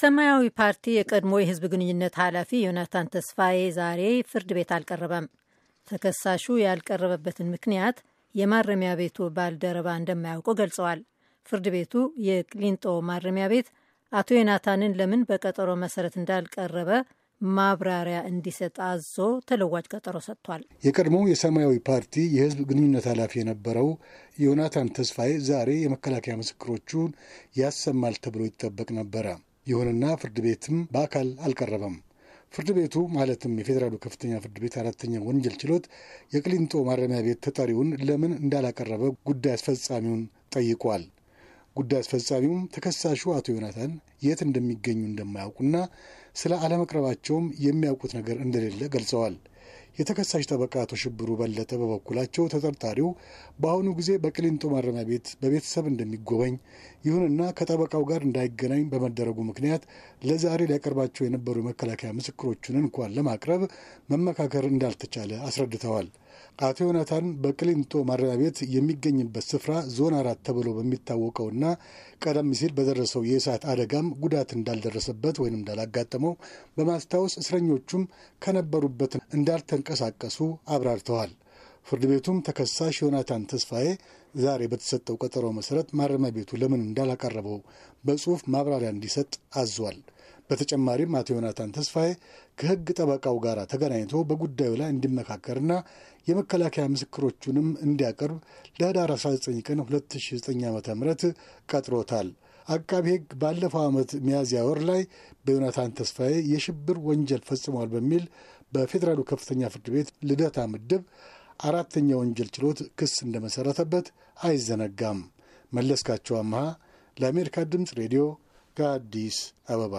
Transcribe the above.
የሰማያዊ ፓርቲ የቀድሞ የህዝብ ግንኙነት ኃላፊ ዮናታን ተስፋዬ ዛሬ ፍርድ ቤት አልቀረበም። ተከሳሹ ያልቀረበበትን ምክንያት የማረሚያ ቤቱ ባልደረባ እንደማያውቀው ገልጸዋል። ፍርድ ቤቱ የቅሊንጦ ማረሚያ ቤት አቶ ዮናታንን ለምን በቀጠሮ መሰረት እንዳልቀረበ ማብራሪያ እንዲሰጥ አዞ ተለዋጭ ቀጠሮ ሰጥቷል። የቀድሞ የሰማያዊ ፓርቲ የህዝብ ግንኙነት ኃላፊ የነበረው ዮናታን ተስፋዬ ዛሬ የመከላከያ ምስክሮቹን ያሰማል ተብሎ ይጠበቅ ነበረ። ይሁንና ፍርድ ቤትም በአካል አልቀረበም። ፍርድ ቤቱ ማለትም የፌዴራሉ ከፍተኛ ፍርድ ቤት አራተኛ ወንጀል ችሎት የቅሊንጦ ማረሚያ ቤት ተጠሪውን ለምን እንዳላቀረበ ጉዳይ አስፈጻሚውን ጠይቋል። ጉዳይ አስፈጻሚውም ተከሳሹ አቶ ዮናታን የት እንደሚገኙ እንደማያውቁና ስለ አለመቅረባቸውም የሚያውቁት ነገር እንደሌለ ገልጸዋል። የተከሳሽ ጠበቃ አቶ ሽብሩ በለጠ በበኩላቸው ተጠርጣሪው በአሁኑ ጊዜ በቅሊንጦ ማረሚያ ቤት በቤተሰብ እንደሚጎበኝ፣ ይሁንና ከጠበቃው ጋር እንዳይገናኝ በመደረጉ ምክንያት ለዛሬ ሊያቀርባቸው የነበሩ የመከላከያ ምስክሮቹን እንኳን ለማቅረብ መመካከር እንዳልተቻለ አስረድተዋል። አቶ ዮናታን በቅሊንጦ ማረሚያ ቤት የሚገኝበት ስፍራ ዞን አራት ተብሎ በሚታወቀውና ቀደም ሲል በደረሰው የእሳት አደጋም ጉዳት እንዳልደረሰበት ወይም እንዳላጋጠመው በማስታወስ እስረኞቹም ከነበሩበት እንዳልተንቀ እንደሚንቀሳቀሱ አብራርተዋል። ፍርድ ቤቱም ተከሳሽ ዮናታን ተስፋዬ ዛሬ በተሰጠው ቀጠሮ መሰረት ማረሚያ ቤቱ ለምን እንዳላቀረበው በጽሁፍ ማብራሪያ እንዲሰጥ አዟል። በተጨማሪም አቶ ዮናታን ተስፋዬ ከህግ ጠበቃው ጋር ተገናኝቶ በጉዳዩ ላይ እንዲመካከርና የመከላከያ ምስክሮቹንም እንዲያቀርብ ለህዳር 19 ቀን 2009 ዓ ም ቀጥሮታል። አቃቢ ሕግ ባለፈው ዓመት ሚያዝያ ወር ላይ በዮናታን ተስፋዬ የሽብር ወንጀል ፈጽሟል በሚል በፌዴራሉ ከፍተኛ ፍርድ ቤት ልደታ ምድብ አራተኛ ወንጀል ችሎት ክስ እንደመሰረተበት አይዘነጋም። መለስካቸው አመሃ ለአሜሪካ ድምፅ ሬዲዮ ከአዲስ አበባ